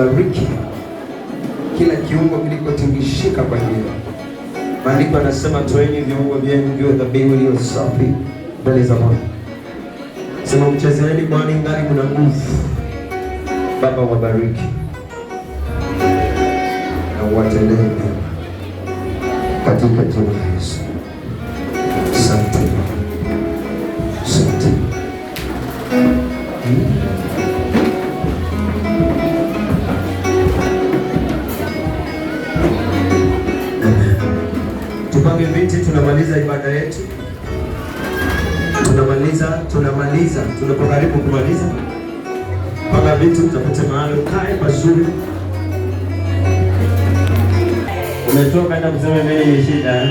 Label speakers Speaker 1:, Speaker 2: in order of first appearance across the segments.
Speaker 1: kubariki kila kiungo kilikotingishika kwa hiyo. Maandiko anasema toeni viungo vyenu viwe dhabihu iliyo safi mbele za Bwana. Sema mchezeeni, kwani ngali mna nguvu. Baba, wabariki na uwatendee mema katika jina la Yesu. Asante, asante. Hmm? Tupange viti, tunamaliza ibada yetu, tunamaliza tunamaliza. karibu kumaliza, panga viti, utapata mahali ukae pazuri. Umetoka enda kusema mimi ni shida eh?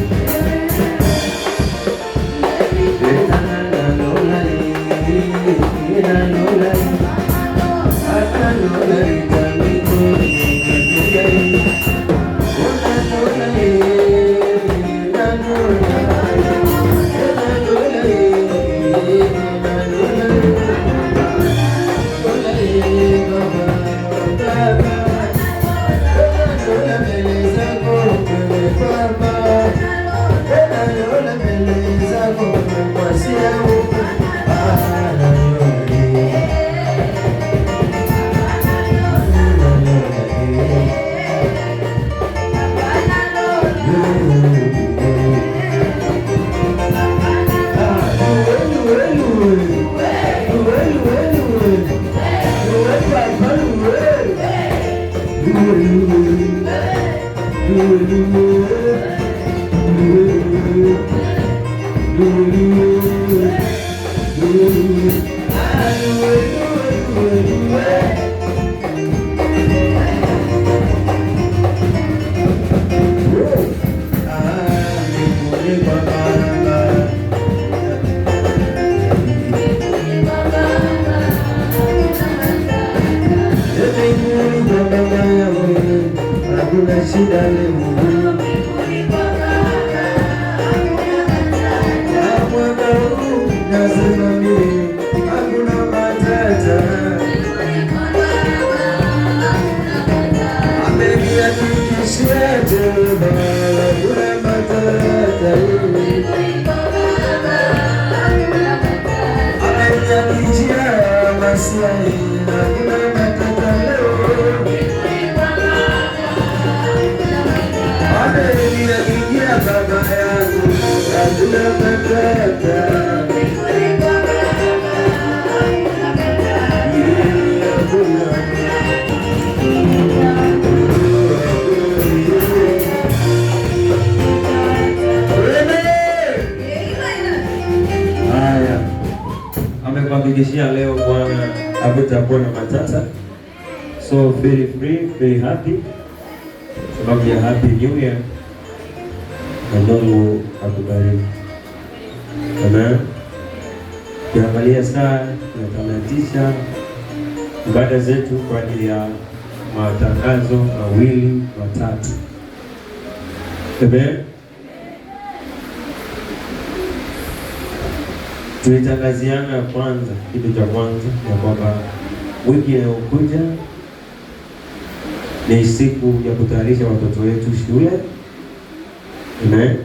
Speaker 1: Do it, do it, do it, do it. Hakuna shida leo kuhakikishia leo Bwana hakutakuwa na matata, so very free, very happy sababu ya happy new year. na Mungu akubariki. Amen. Ukiangalia saa inatamatisha ibada zetu kwa ajili ya matangazo mawili matatu. Amen. Tulitangaziana ya kwanza, kitu cha kwanza ya kwamba wiki inayokuja ni siku ya kutayarisha watoto wetu shule 没。